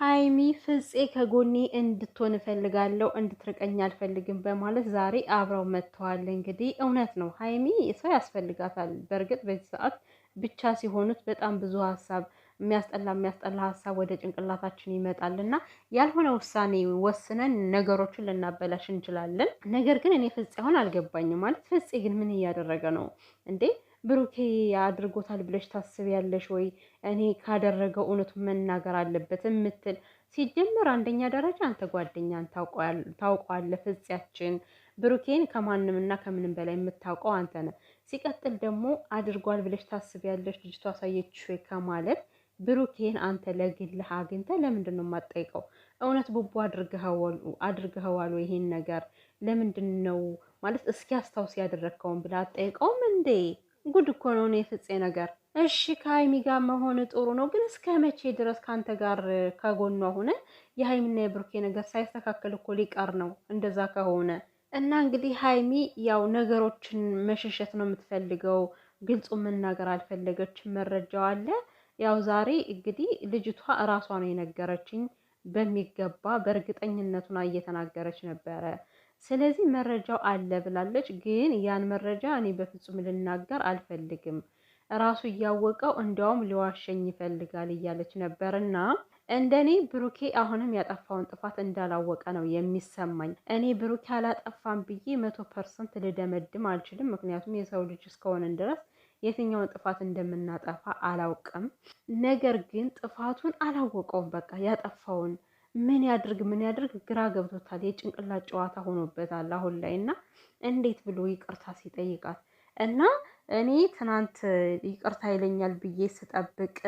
ሀይሚ ፍፄ ከጎኔ እንድትሆን እፈልጋለሁ፣ እንድትርቀኝ አልፈልግም በማለት ዛሬ አብረው መጥተዋል። እንግዲህ እውነት ነው ሀይሚ ሰው ያስፈልጋታል። በእርግጥ በዚህ ሰዓት ብቻ ሲሆኑት በጣም ብዙ ሀሳብ የሚያስጠላ የሚያስጠላ ሀሳብ ወደ ጭንቅላታችን ይመጣል እና ያልሆነ ውሳኔ ወስነን ነገሮችን ልናበላሽ እንችላለን። ነገር ግን እኔ ፍፄ አሁን አልገባኝም ማለት ፍፄ ግን ምን እያደረገ ነው እንዴ? ብሩኬ አድርጎታል ብለሽ ታስቢያለሽ ወይ? እኔ ካደረገው እውነቱን መናገር አለበት የምትል ሲጀምር፣ አንደኛ ደረጃ አንተ ጓደኛን ታውቀዋለህ፣ ፍጽያችን ብሩኬን ከማንምና ከምንም በላይ የምታውቀው አንተ ነህ። ሲቀጥል ደግሞ አድርጓል ብለሽ ታስቢያለሽ ልጅቷ አሳየችሽ ወይ ከማለት ብሩኬን አንተ ለግልህ አግኝተህ ለምንድን ነው የማትጠይቀው? እውነት ቡቡ አድርገኸዋል ይሄን ነገር ለምንድን ነው ማለት እስኪ አስታውስ ያደረግከውን ብላ አጠይቀውም እንዴ? ጉድ እኮ ነው የፍፄ ነገር። እሺ ከሀይሚ ጋር መሆን ጥሩ ነው፣ ግን እስከ መቼ ድረስ ከአንተ ጋር ከጎኗ ሆነ? የሀይሚና የብሩኬ ነገር ሳይስተካከል እኮ ሊቀር ነው እንደዛ ከሆነ እና እንግዲህ ሀይሚ ያው ነገሮችን መሸሸት ነው የምትፈልገው። ግልጹ መናገር አልፈለገችም። መረጃው አለ። ያው ዛሬ እንግዲህ ልጅቷ እራሷ ነው የነገረችኝ። በሚገባ በእርግጠኝነቱና እየተናገረች ነበረ ስለዚህ መረጃው አለ ብላለች። ግን ያን መረጃ እኔ በፍጹም ልናገር አልፈልግም ራሱ እያወቀው እንዲያውም ሊዋሸኝ ይፈልጋል እያለች ነበር እና እንደኔ ብሩኬ አሁንም ያጠፋውን ጥፋት እንዳላወቀ ነው የሚሰማኝ። እኔ ብሩኬ አላጠፋም ብዬ መቶ ፐርሰንት ልደመድም አልችልም። ምክንያቱም የሰው ልጅ እስከሆነን ድረስ የትኛውን ጥፋት እንደምናጠፋ አላውቅም። ነገር ግን ጥፋቱን አላወቀውም በቃ ያጠፋውን ምን ያድርግ ምን ያድርግ ግራ ገብቶታል። የጭንቅላት ጨዋታ ሆኖበታል አሁን ላይ እና እንዴት ብሎ ይቅርታ ሲጠይቃት እና እኔ ትናንት ይቅርታ ይለኛል ብዬ ስጠብቅ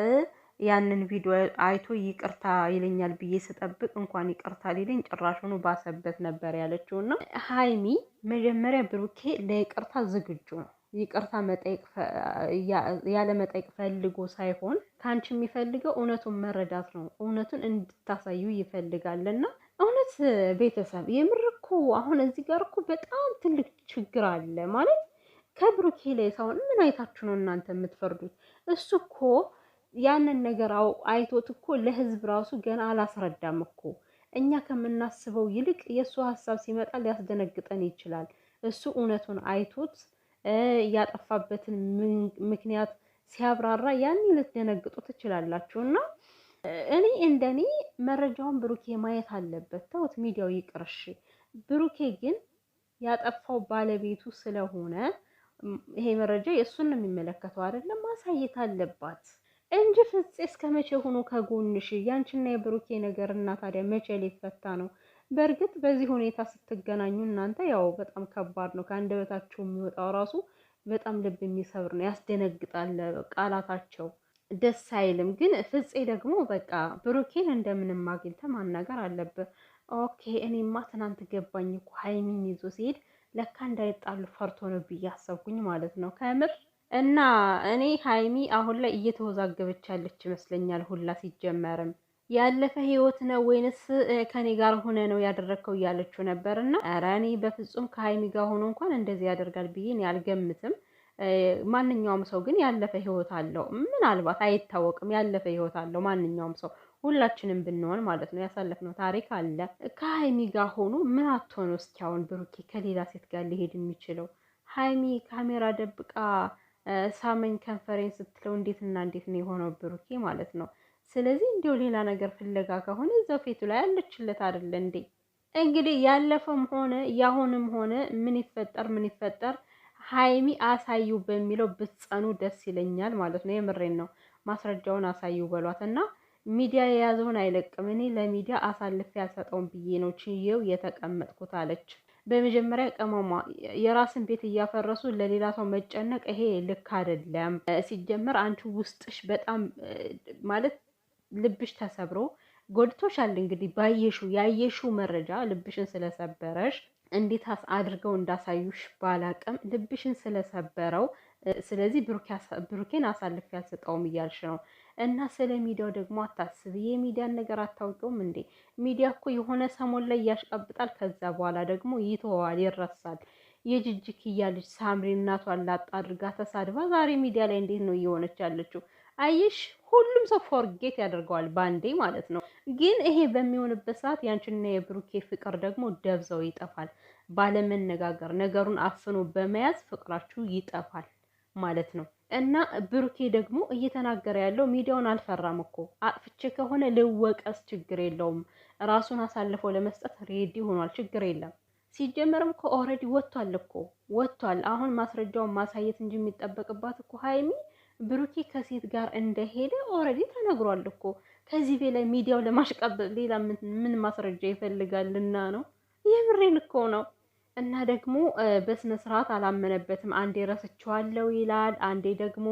ያንን ቪዲዮ አይቶ ይቅርታ ይለኛል ብዬ ስጠብቅ እንኳን ይቅርታ ሊለኝ ሆኖ ባሰበት ነበር ያለችው እና ሀይሚ መጀመሪያ ብሩኬ ለይቅርታ ዝግጁ ነው ይቅርታ መጠየቅ ያለ መጠየቅ ፈልጎ ሳይሆን ከአንቺ የሚፈልገው እውነቱን መረዳት ነው። እውነቱን እንድታሳዩ ይፈልጋልና እውነት ቤተሰብ የምር እኮ አሁን እዚህ ጋር እኮ በጣም ትልቅ ችግር አለ ማለት ከብሩኬ ላይ ሳይሆን ምን አይታችሁ ነው እናንተ የምትፈርዱት? እሱ እኮ ያንን ነገር አይቶት እኮ ለህዝብ ራሱ ገና አላስረዳም እኮ እኛ ከምናስበው ይልቅ የእሱ ሀሳብ ሲመጣ ሊያስደነግጠን ይችላል። እሱ እውነቱን አይቶት ያጠፋበትን ምክንያት ሲያብራራ ያኔ ልትደነግጡ ትችላላችሁ። እና እኔ እንደኔ መረጃውን ብሩኬ ማየት አለበት። ተውት፣ ሚዲያው ይቅርሽ። ብሩኬ ግን ያጠፋው ባለቤቱ ስለሆነ ይሄ መረጃ የእሱን ነው የሚመለከተው አይደለም፣ ማሳየት አለባት እንጂ ፍፄ እስከ መቼ ሆኖ ከጎንሽ? ያንቺና የብሩኬ ነገር እና ታዲያ መቼ ሊፈታ ነው? በእርግጥ በዚህ ሁኔታ ስትገናኙ እናንተ ያው በጣም ከባድ ነው። ከአንደበታቸው የሚወጣው ራሱ በጣም ልብ የሚሰብር ነው፣ ያስደነግጣል። ቃላታቸው ደስ አይልም። ግን ፍፄ ደግሞ በቃ ብሩኬን እንደምንም አግኝተህ ማናገር አለብህ። ኦኬ እኔማ ትናንት ገባኝ እኮ ሀይሚን ይዞ ሲሄድ ለካ እንዳይጣሉ ፈርቶ ነው ብዬ አሰብኩኝ ማለት ነው ከምር እና እኔ ሀይሚ አሁን ላይ እየተወዛገበች ያለች ይመስለኛል ሁላ ሲጀመርም ያለፈ ህይወት ነው ወይንስ ከኔ ጋር ሆነ ነው ያደረግከው እያለችው ነበር። እና ኧረ እኔ በፍጹም ከሀይሚ ጋር ሆኖ እንኳን እንደዚህ ያደርጋል ብዬ እኔ አልገምትም። ማንኛውም ሰው ግን ያለፈ ህይወት አለው። ምናልባት አይታወቅም፣ ያለፈ ህይወት አለው ማንኛውም ሰው ሁላችንም ብንሆን ማለት ነው ያሳለፍነው ታሪክ አለ። ከሀይሚ ጋር ሆኖ ምን ነው እስኪ አሁን ብሩኬ ከሌላ ሴት ጋር ሊሄድ የሚችለው ሀይሚ ካሜራ ደብቃ ሳመኝ ከንፈሬን ስትለው እንዴትና እንዴት ነው የሆነው ብሩኬ ማለት ነው። ስለዚህ እንዲሁ ሌላ ነገር ፍለጋ ከሆነ እዛው ፊቱ ላይ አለችለት አይደለ እንዴ? እንግዲህ ያለፈም ሆነ ያሁንም ሆነ ምን ይፈጠር ምን ይፈጠር ሀይሚ አሳዩ በሚለው ብትጸኑ ደስ ይለኛል ማለት ነው። የምሬን ነው። ማስረጃውን አሳዩ በሏት እና ሚዲያ የያዘውን አይለቅም። እኔ ለሚዲያ አሳልፌ ያልሰጠውን ብዬ ነው ችዬው የተቀመጥኩት አለች። በመጀመሪያ ቅመሟ የራስን ቤት እያፈረሱ ለሌላ ሰው መጨነቅ ይሄ ልክ አይደለም። ሲጀመር አንቺ ውስጥሽ በጣም ማለት ልብሽ ተሰብሮ ጎድቶሻል። እንግዲህ ባየሹ ያየሹ መረጃ ልብሽን ስለሰበረሽ እንዴት አድርገው እንዳሳዩሽ ባላቅም ልብሽን ስለሰበረው ስለዚህ ብሩኬን አሳልፌ አልሰጠውም እያልሽ ነው። እና ስለ ሚዲያው ደግሞ አታስቢ። የሚዲያን ነገር አታውቂውም እንዴ? ሚዲያ እኮ የሆነ ሰሞን ላይ ያሽቀብጣል፣ ከዛ በኋላ ደግሞ ይተወዋል፣ ይረሳል። የጅጅኪያ ልጅ ሳምሪ እናቷ ላጣ አድርጋ ተሳድባ ዛሬ ሚዲያ ላይ እንዴት ነው እየሆነች ያለችው? አየሽ ሁሉም ሰው ፎርጌት ያደርገዋል ባንዴ ማለት ነው። ግን ይሄ በሚሆንበት ሰዓት ያንቺና የብሩኬ ፍቅር ደግሞ ደብዛው ይጠፋል። ባለመነጋገር ነገሩን አፍኖ በመያዝ ፍቅራችሁ ይጠፋል ማለት ነው። እና ብሩኬ ደግሞ እየተናገረ ያለው ሚዲያውን አልፈራም እኮ አጥፍቼ ከሆነ ልወቀስ፣ ችግር የለውም ራሱን አሳልፎ ለመስጠት ሬዲ ሆኗል። ችግር የለም። ሲጀመርም እኮ ኦልሬዲ ወጥቷል እኮ ወጥቷል። አሁን ማስረጃውን ማሳየት እንጂ የሚጠበቅባት እኮ ሀይሚ ብሩኬ ከሴት ጋር እንደሄደ ኦልሬዲ ተነግሯል እኮ። ከዚህ በላይ ሚዲያው ለማሽቀበጥ ሌላ ምን ማስረጃ ይፈልጋልና ነው? የምሬን እኮ ነው። እና ደግሞ በስነ ስርዓት አላመነበትም። አንዴ ረስቸዋለሁ ይላል፣ አንዴ ደግሞ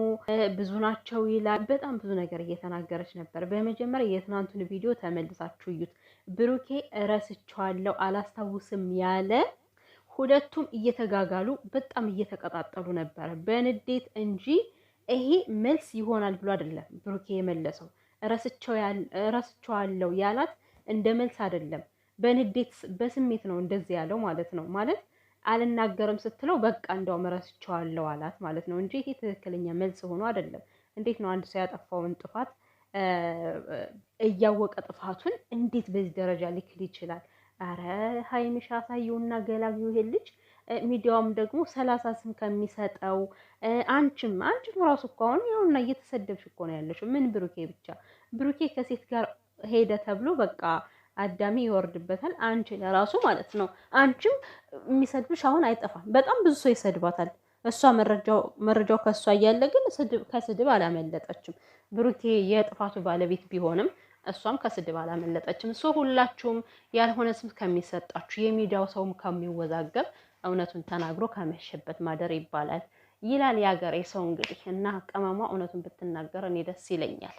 ብዙ ናቸው ይላል። በጣም ብዙ ነገር እየተናገረች ነበር። በመጀመሪያ የትናንቱን ቪዲዮ ተመልሳችሁ እዩት። ብሩኬ ረስቸዋለሁ አላስታውስም ያለ ሁለቱም እየተጋጋሉ በጣም እየተቀጣጠሉ ነበረ በንዴት እንጂ ይሄ መልስ ይሆናል ብሎ አይደለም ብሩኬ የመለሰው። እረስቸዋለሁ ያላት እንደ መልስ አይደለም፣ በንዴት በስሜት ነው እንደዚህ ያለው ማለት ነው። ማለት አልናገርም ስትለው በቃ እንደውም እረስቸዋለሁ አላት ማለት ነው እንጂ ይሄ ትክክለኛ መልስ ሆኖ አይደለም። እንዴት ነው አንድ ሰው ያጠፋውን ጥፋት እያወቀ ጥፋቱን እንዴት በዚህ ደረጃ ሊክል ይችላል? አረ ሀይሚሻ ሳየውና ገላግዩ ይሄ ልጅ ሚዲያውም ደግሞ ሰላሳ ስም ከሚሰጠው አንቺም አንቺም ራሱ እኮ አሁን እየተሰደብሽ እኮ ነው ያለሽው። ምን ብሩኬ ብቻ ብሩኬ ከሴት ጋር ሄደ ተብሎ በቃ አዳሚ ይወርድበታል። አንቺ ለራሱ ማለት ነው። አንቺም የሚሰድብሽ አሁን አይጠፋም። በጣም ብዙ ሰው ይሰድባታል። እሷ መረጃው ከእሷ እያለ ግን ከስድብ አላመለጠችም። ብሩኬ የጥፋቱ ባለቤት ቢሆንም እሷም ከስድብ አላመለጠችም። ሰው ሁላችሁም ያልሆነ ስም ከሚሰጣችሁ የሚዲያው ሰውም ከሚወዛገብ እውነቱን ተናግሮ ከመሸበት ማደር ይባላል ይላል የሀገሬ ሰው። እንግዲህ እና ቅመሟ እውነቱን ብትናገር እኔ ደስ ይለኛል።